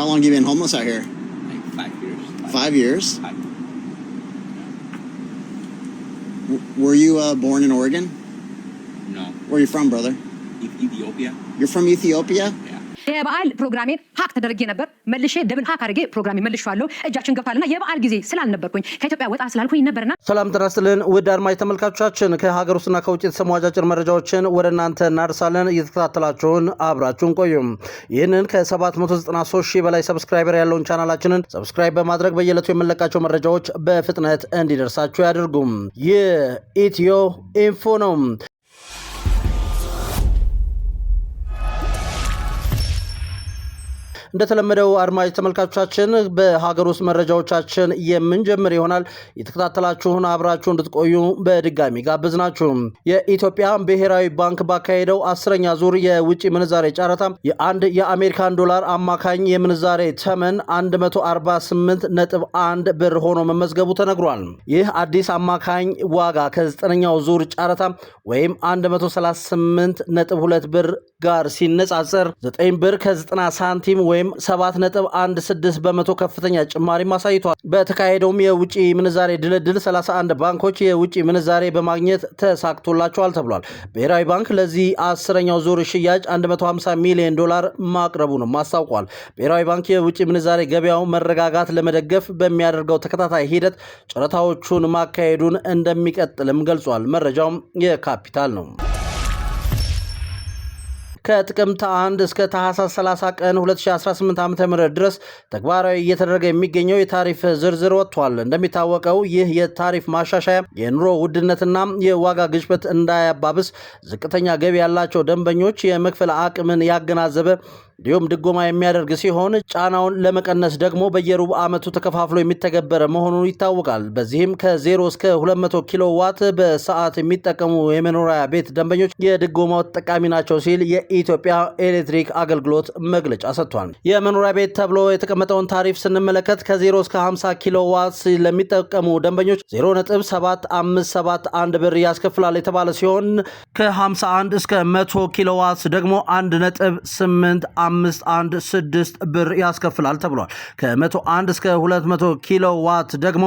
How long you been homeless out here? Like five years. Five, five years. Five. Were you uh, born in Oregon? No. Where are you from, brother? Ethiopia. You're from Ethiopia? የበዓል ፕሮግራሜን ሀክ ተደርጌ ነበር። መልሼ ደብል ሀክ አድርጌ ፕሮግራሜ መልሼዋለሁ። እጃችን ገብቷልና የበዓል ጊዜ ስላልነበርኩኝ ከኢትዮጵያ ወጣ ስላልኩኝ ነበርና። ሰላም ጤና ይስጥልን ውድ አድማጭ ተመልካቾቻችን፣ ከሀገር ውስጥና ከውጭ የተሰሙ አጫጭር መረጃዎችን ወደ እናንተ እናደርሳለን። እየተከታተላችሁን አብራችሁን ቆዩም። ይህንን ከ793 ሺህ በላይ ሰብስክራይበር ያለውን ቻናላችንን ሰብስክራይብ በማድረግ በየዕለቱ የምንለቃቸው መረጃዎች በፍጥነት እንዲደርሳችሁ ያደርጉም። ይህ ኢትዮ ኢንፎ ነው። እንደተለመደው አድማጭ ተመልካቾቻችን በሀገር ውስጥ መረጃዎቻችን የምንጀምር ይሆናል። የተከታተላችሁን አብራችሁ እንድትቆዩ በድጋሚ ጋብዝናችሁ። የኢትዮጵያ ብሔራዊ ባንክ ባካሄደው አስረኛ ዙር የውጭ ምንዛሬ ጨረታ የአንድ የአሜሪካን ዶላር አማካኝ የምንዛሬ ተመን 148.1 ብር ሆኖ መመዝገቡ ተነግሯል። ይህ አዲስ አማካኝ ዋጋ ከዘጠነኛው ዙር ጨረታ ወይም 138.2 ብር ጋር ሲነጻጸር 9 ብር ከ90 ሳንቲም ወይም ወይም 7.16 በመቶ ከፍተኛ ጭማሪም አሳይቷል። በተካሄደውም የውጭ ምንዛሬ ድልድል 31 ባንኮች የውጭ ምንዛሬ በማግኘት ተሳክቶላቸዋል ተብሏል። ብሔራዊ ባንክ ለዚህ አስረኛው ዙር ሽያጭ 150 ሚሊዮን ዶላር ማቅረቡንም አስታውቋል። ብሔራዊ ባንክ የውጭ ምንዛሬ ገበያው መረጋጋት ለመደገፍ በሚያደርገው ተከታታይ ሂደት ጨረታዎቹን ማካሄዱን እንደሚቀጥልም ገልጿል። መረጃውም የካፒታል ነው። ከጥቅምት 1 እስከ ታህሳስ 30 ቀን 2018 ዓ ም ድረስ ተግባራዊ እየተደረገ የሚገኘው የታሪፍ ዝርዝር ወጥቷል። እንደሚታወቀው ይህ የታሪፍ ማሻሻያ የኑሮ ውድነትና የዋጋ ግሽበት እንዳያባብስ ዝቅተኛ ገቢ ያላቸው ደንበኞች የመክፈል አቅምን ያገናዘበ እንዲሁም ድጎማ የሚያደርግ ሲሆን ጫናውን ለመቀነስ ደግሞ በየሩብ ዓመቱ ተከፋፍሎ የሚተገበር መሆኑን ይታወቃል። በዚህም ከ0 እስከ 200 ኪሎ ዋት በሰዓት የሚጠቀሙ የመኖሪያ ቤት ደንበኞች የድጎማው ተጠቃሚ ናቸው ሲል የኢትዮጵያ ኤሌክትሪክ አገልግሎት መግለጫ ሰጥቷል። የመኖሪያ ቤት ተብሎ የተቀመጠውን ታሪፍ ስንመለከት ከ0 እስከ 50 ኪሎ ዋት ለሚጠቀሙ ደንበኞች 0.7571 ብር ያስከፍላል የተባለ ሲሆን ከ51 እስከ 100 ኪሎ ዋት ደግሞ 1.8 516 ብር ያስከፍላል ተብሏል። ከ101 እስከ 200 ኪሎ ዋት ደግሞ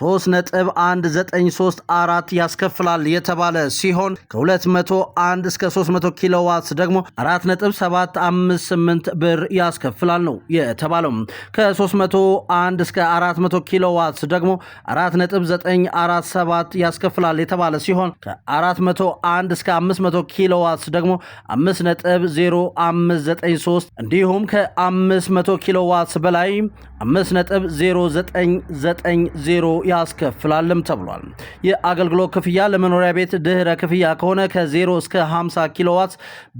3.1934 ያስከፍላል የተባለ ሲሆን ከ201 እስከ 300 ኪሎ ዋት ደግሞ 4.758 ብር ያስከፍላል ነው የተባለው። ከ301 እስከ 400 ኪሎ ዋት ደግሞ 4.947 ያስከፍላል የተባለ ሲሆን ከ401 እስከ 500 ኪሎ ዋት ደግሞ 5.0593 3 እንዲሁም ከ500 ኪሎ ዋትስ በላይ 5.0990 ያስከፍላልም ተብሏል። የአገልግሎት ክፍያ ለመኖሪያ ቤት ድህረ ክፍያ ከሆነ ከ0 እስከ 50 ኪሎ ዋት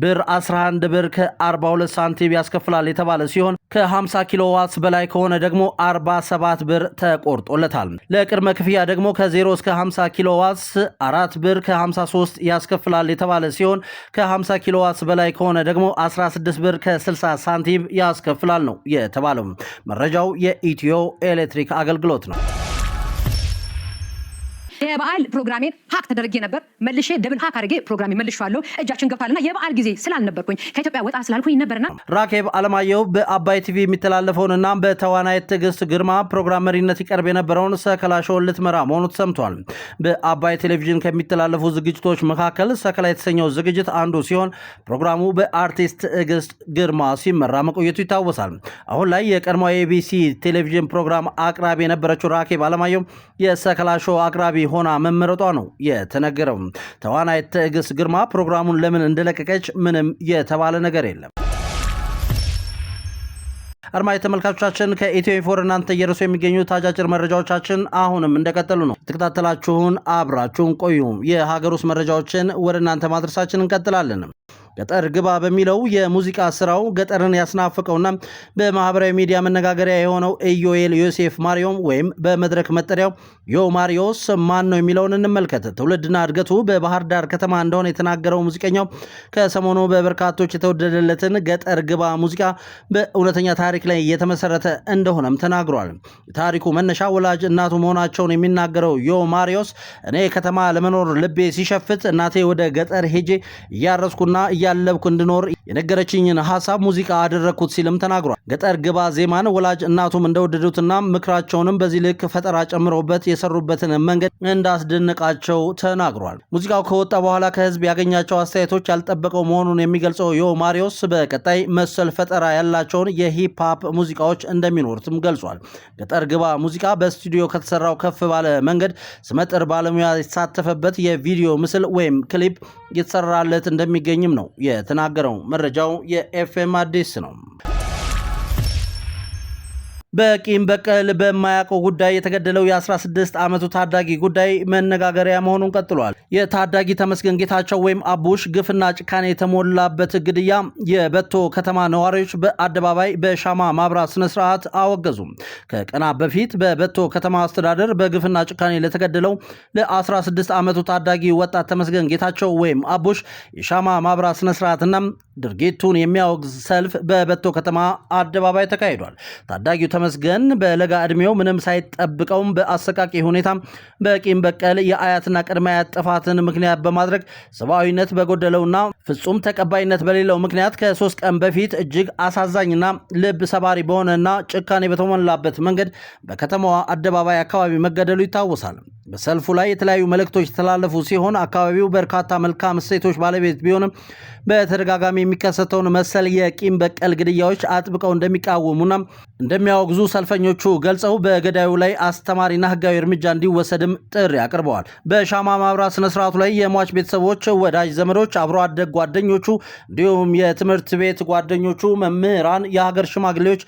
ብር 11 ብር ከ42 ሳንቲም ያስከፍላል የተባለ ሲሆን ከ50 ኪሎ ዋት በላይ ከሆነ ደግሞ 47 ብር ተቆርጦለታል። ለቅድመ ክፍያ ደግሞ ከ0 እስከ 50 ኪሎ ዋት 4 ብር ከ53 ያስከፍላል የተባለ ሲሆን ከ50 ኪሎ ዋት በላይ ከሆነ ደግሞ 16 ብር ከ 60 ሳንቲም ያስከፍላል ነው የተባለው። መረጃው የኢትዮ ኤሌክትሪክ አገልግሎት ነው። የበዓል ፕሮግራሜን ሀቅ ተደርጌ ነበር መልሼ ደብል ሀቅ አድርጌ ፕሮግራሜ መልሼዋለሁ። እጃችን ገብቷልና የበዓል ጊዜ ስላልነበርኩኝ ከኢትዮጵያ ወጣ ስላልኩኝ ነበርና ራኬብ አለማየሁ በአባይ ቲቪ የሚተላለፈውንና በተዋናይ ትዕግስት ግርማ ፕሮግራም መሪነት ይቀርብ የነበረውን ሰከላ ልትመራ መሆኑ ተሰምቷል። በአባይ ቴሌቪዥን ከሚተላለፉ ዝግጅቶች መካከል ሰከላ የተሰኘው ዝግጅት አንዱ ሲሆን ፕሮግራሙ በአርቲስት ትዕግስት ግርማ ሲመራ መቆየቱ ይታወሳል። አሁን ላይ የቀድሞ ኤቢሲ ቴሌቪዥን ፕሮግራም አቅራቢ የነበረችው ራኬብ አለማየሁ የሰከላ ሾው አቅራቢ ሆና መመረጧ ነው የተነገረው። ተዋናይት ትዕግስት ግርማ ፕሮግራሙን ለምን እንደለቀቀች ምንም የተባለ ነገር የለም። አድማጭ ተመልካቾቻችን ከኢትዮ ኢንፎር እናንተ እየደረሱ የሚገኙ አጫጭር መረጃዎቻችን አሁንም እንደቀጠሉ ነው። የተከታተላችሁን አብራችሁን ቆዩ። የሀገር ውስጥ መረጃዎችን ወደ እናንተ ማድረሳችን እንቀጥላለን። ገጠር ግባ በሚለው የሙዚቃ ስራው ገጠርን ያስናፈቀውና በማህበራዊ ሚዲያ መነጋገሪያ የሆነው ኢዮኤል ዮሴፍ ማሪዮም ወይም በመድረክ መጠሪያው ዮ ማሪዮስ ማን ነው የሚለውን እንመልከት። ትውልድና እድገቱ በባህር ዳር ከተማ እንደሆነ የተናገረው ሙዚቀኛው ከሰሞኑ በበርካቶች የተወደደለትን ገጠር ግባ ሙዚቃ በእውነተኛ ታሪክ ላይ የተመሰረተ እንደሆነም ተናግሯል። ታሪኩ መነሻ ወላጅ እናቱ መሆናቸውን የሚናገረው ዮ ማሪዮስ እኔ ከተማ ለመኖር ልቤ ሲሸፍት እናቴ ወደ ገጠር ሄጄ እያረስኩና እያ እያለብኩ እንድኖር የነገረችኝን ሀሳብ ሙዚቃ አደረግኩት ሲልም ተናግሯል። ገጠር ግባ ዜማን ወላጅ እናቱም እንደወደዱትና ምክራቸውንም በዚህ ልክ ፈጠራ ጨምረውበት የሰሩበትን መንገድ እንዳስደነቃቸው ተናግሯል። ሙዚቃው ከወጣ በኋላ ከህዝብ ያገኛቸው አስተያየቶች ያልጠበቀው መሆኑን የሚገልጸው ዮ ማሪዮስ በቀጣይ መሰል ፈጠራ ያላቸውን የሂፕ ሙዚቃዎች እንደሚኖሩትም ገልጿል። ገጠር ግባ ሙዚቃ በስቱዲዮ ከተሰራው ከፍ ባለ መንገድ ስመጥር ባለሙያ የተሳተፈበት የቪዲዮ ምስል ወይም ክሊፕ የተሰራለት እንደሚገኝም ነው የተናገረው። መረጃው የኤፍኤም አዲስ ነው። በቂም በቀል በማያውቀው ጉዳይ የተገደለው የ16 ዓመቱ ታዳጊ ጉዳይ መነጋገሪያ መሆኑን ቀጥሏል። የታዳጊ ተመስገን ጌታቸው ወይም አቡሽ ግፍና ጭካኔ የተሞላበት ግድያ የበቶ ከተማ ነዋሪዎች በአደባባይ በሻማ ማብራት ስነስርዓት አወገዙም። ከቀናት በፊት በበቶ ከተማ አስተዳደር በግፍና ጭካኔ ለተገደለው ለ16 ዓመቱ ታዳጊ ወጣት ተመስገን ጌታቸው ወይም አቡሽ የሻማ ማብራት ስነስርዓትና ድርጊቱን የሚያወግዝ ሰልፍ በበቶ ከተማ አደባባይ ተካሂዷል። ታዳጊው ተመስገን በለጋ ዕድሜው ምንም ሳይጠብቀውም በአሰቃቂ ሁኔታ በቂም በቀል የአያትና ቅድመ አያት ጥፋትን ምክንያት በማድረግ ሰብአዊነት በጎደለውና ፍጹም ተቀባይነት በሌለው ምክንያት ከሶስት ቀን በፊት እጅግ አሳዛኝና ልብ ሰባሪ በሆነና ጭካኔ በተሞላበት መንገድ በከተማዋ አደባባይ አካባቢ መገደሉ ይታወሳል። በሰልፉ ላይ የተለያዩ መልእክቶች የተላለፉ ሲሆን አካባቢው በርካታ መልካም እሴቶች ባለቤት ቢሆንም በተደጋጋሚ የሚከሰተውን መሰል የቂም በቀል ግድያዎች አጥብቀው እንደሚቃወሙና እንደሚያወግዙ ሰልፈኞቹ ገልጸው በገዳዩ ላይ አስተማሪና ሕጋዊ እርምጃ እንዲወሰድም ጥሪ አቅርበዋል። በሻማ ማብራት ስነስርዓቱ ላይ የሟች ቤተሰቦች፣ ወዳጅ ዘመዶች፣ አብሮ አደግ ጓደኞቹ እንዲሁም የትምህርት ቤት ጓደኞቹ፣ መምህራን፣ የሀገር ሽማግሌዎች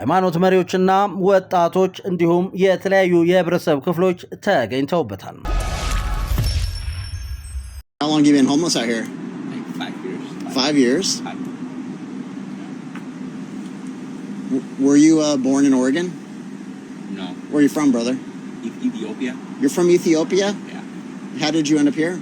ሃይማኖት መሪዎችና ወጣቶች እንዲሁም የተለያዩ የህብረተሰብ ክፍሎች ተገኝተውበታል። Were you uh, born in Oregon? No. Where are you from, brother? Ethiopia. You're from Ethiopia? Yeah. How did you end up here?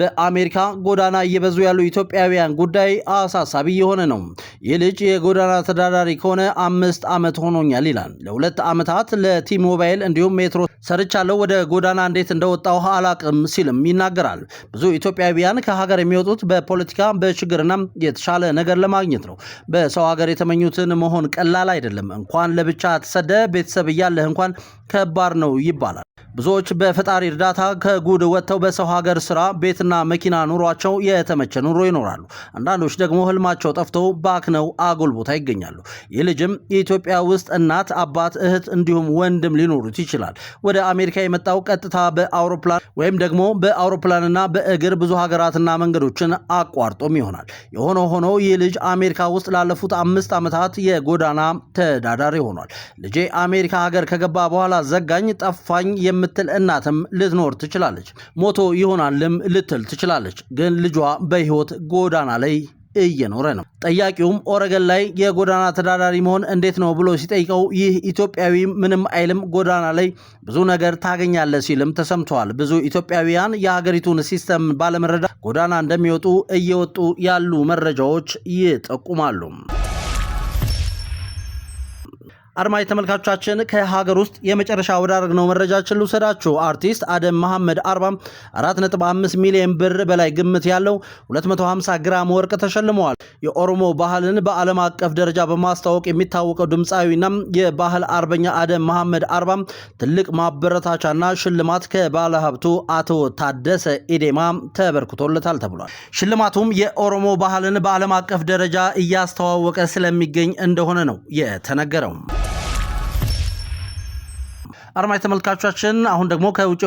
በአሜሪካ ጎዳና እየበዙ ያሉ ኢትዮጵያውያን ጉዳይ አሳሳቢ የሆነ ነው። ይህ ልጅ የጎዳና ተዳዳሪ ከሆነ አምስት ዓመት ሆኖኛል ይላል። ለሁለት ዓመታት ለቲ ሞባይል እንዲሁም ሜትሮ ሰርቻለሁ። ወደ ጎዳና እንዴት እንደወጣው አላቅም ሲልም ይናገራል። ብዙ ኢትዮጵያውያን ከሀገር የሚወጡት በፖለቲካ በችግርና የተሻለ ነገር ለማግኘት ነው። በሰው ሀገር የተመኙትን መሆን ቀላል አይደለም። እንኳን ለብቻ ተሰደ ቤተሰብ እያለህ እንኳን ከባድ ነው ይባላል። ብዙዎች በፈጣሪ እርዳታ ከጉድ ወጥተው በሰው ሀገር ስራ ቤትና መኪና ኑሯቸው የተመቸ ኑሮ ይኖራሉ። አንዳንዶች ደግሞ ህልማቸው ጠፍቶ ባክነው አጉል ቦታ ይገኛሉ። ይህ ልጅም የኢትዮጵያ ውስጥ እናት፣ አባት፣ እህት እንዲሁም ወንድም ሊኖሩት ይችላል። ወደ አሜሪካ የመጣው ቀጥታ በአውሮፕላን ወይም ደግሞ በአውሮፕላንና በእግር ብዙ ሀገራትና መንገዶችን አቋርጦም ይሆናል። የሆነ ሆኖ ይህ ልጅ አሜሪካ ውስጥ ላለፉት አምስት ዓመታት የጎዳና ተዳዳሪ ሆኗል። ልጄ አሜሪካ ሀገር ከገባ በኋላ ዘጋኝ፣ ጠፋኝ የምትል እናትም ልትኖር ትችላለች። ሞቶ ይሆናልም ልትል ትችላለች። ግን ልጇ በህይወት ጎዳና ላይ እየኖረ ነው። ጠያቂውም ኦረገን ላይ የጎዳና ተዳዳሪ መሆን እንዴት ነው ብሎ ሲጠይቀው ይህ ኢትዮጵያዊ ምንም አይልም፣ ጎዳና ላይ ብዙ ነገር ታገኛለህ ሲልም ተሰምተዋል። ብዙ ኢትዮጵያውያን የሀገሪቱን ሲስተም ባለመረዳት ጎዳና እንደሚወጡ እየወጡ ያሉ መረጃዎች ይጠቁማሉ። አድማጭ ተመልካቾቻችን ከሀገር ውስጥ የመጨረሻ ወዳረግነው መረጃችን ልውሰዳችሁ። አርቲስት አደም መሐመድ አርባ 4.5 ሚሊዮን ብር በላይ ግምት ያለው 250 ግራም ወርቅ ተሸልመዋል። የኦሮሞ ባህልን በዓለም አቀፍ ደረጃ በማስተዋወቅ የሚታወቀው ድምፃዊና የባህል አርበኛ አደም መሐመድ አርባ ትልቅ ማበረታቻና ሽልማት ከባለ ሀብቱ አቶ ታደሰ ኢዴማ ተበርክቶለታል ተብሏል። ሽልማቱም የኦሮሞ ባህልን በዓለም አቀፍ ደረጃ እያስተዋወቀ ስለሚገኝ እንደሆነ ነው የተነገረው። አርማጅ ተመልካቾቻችን አሁን ደግሞ ከውጭ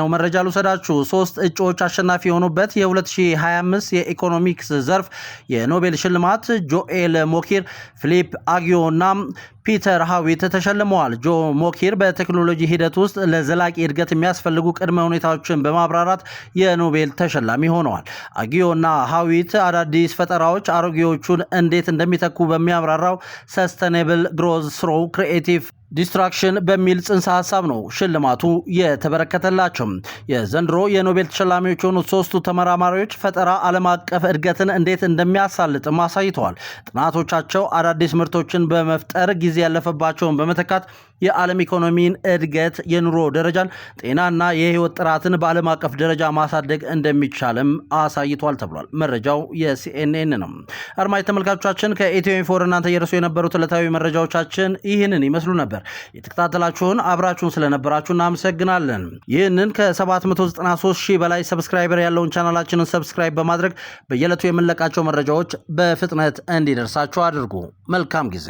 ነው መረጃ ልውሰዳችሁ። ሶስት እጩዎች አሸናፊ የሆኑበት የ2025 የኢኮኖሚክስ ዘርፍ የኖቤል ሽልማት ጆኤል ሞኪር፣ ፊሊፕ አጊዮ እና ፒተር ሀዊት ተሸልመዋል። ጆ ሞኪር በቴክኖሎጂ ሂደት ውስጥ ለዘላቂ እድገት የሚያስፈልጉ ቅድመ ሁኔታዎችን በማብራራት የኖቤል ተሸላሚ ሆነዋል። አጊዮ እና ሀዊት አዳዲስ ፈጠራዎች አሮጌዎቹን እንዴት እንደሚተኩ በሚያብራራው ሰስተኔብል ግሮዝ ስሮ ክሪኤቲቭ ዲስትራክሽን በሚል ጽንሰ ሀሳብ ነው ሽልማቱ የተበረከተላቸው። የዘንድሮ የኖቤል ተሸላሚዎች የሆኑት ሶስቱ ተመራማሪዎች ፈጠራ ዓለም አቀፍ እድገትን እንዴት እንደሚያሳልጥም አሳይተዋል። ጥናቶቻቸው አዳዲስ ምርቶችን በመፍጠር ጊዜ ያለፈባቸውን በመተካት የዓለም ኢኮኖሚን እድገት፣ የኑሮ ደረጃን፣ ጤናና የህይወት ጥራትን በዓለም አቀፍ ደረጃ ማሳደግ እንደሚቻልም አሳይቷል ተብሏል። መረጃው የሲኤንኤን ነው። አድማጭ ተመልካቾቻችን ከኢትዮ ኢንፎር እናንተ እየደረሱ የነበሩት ዕለታዊ መረጃዎቻችን ይህንን ይመስሉ ነበር። ነበር። የተከታተላችሁን አብራችሁን ስለነበራችሁ እናመሰግናለን። ይህንን ከ793 ሺህ በላይ ሰብስክራይበር ያለውን ቻናላችንን ሰብስክራይብ በማድረግ በየዕለቱ የምንለቃቸው መረጃዎች በፍጥነት እንዲደርሳችሁ አድርጉ። መልካም ጊዜ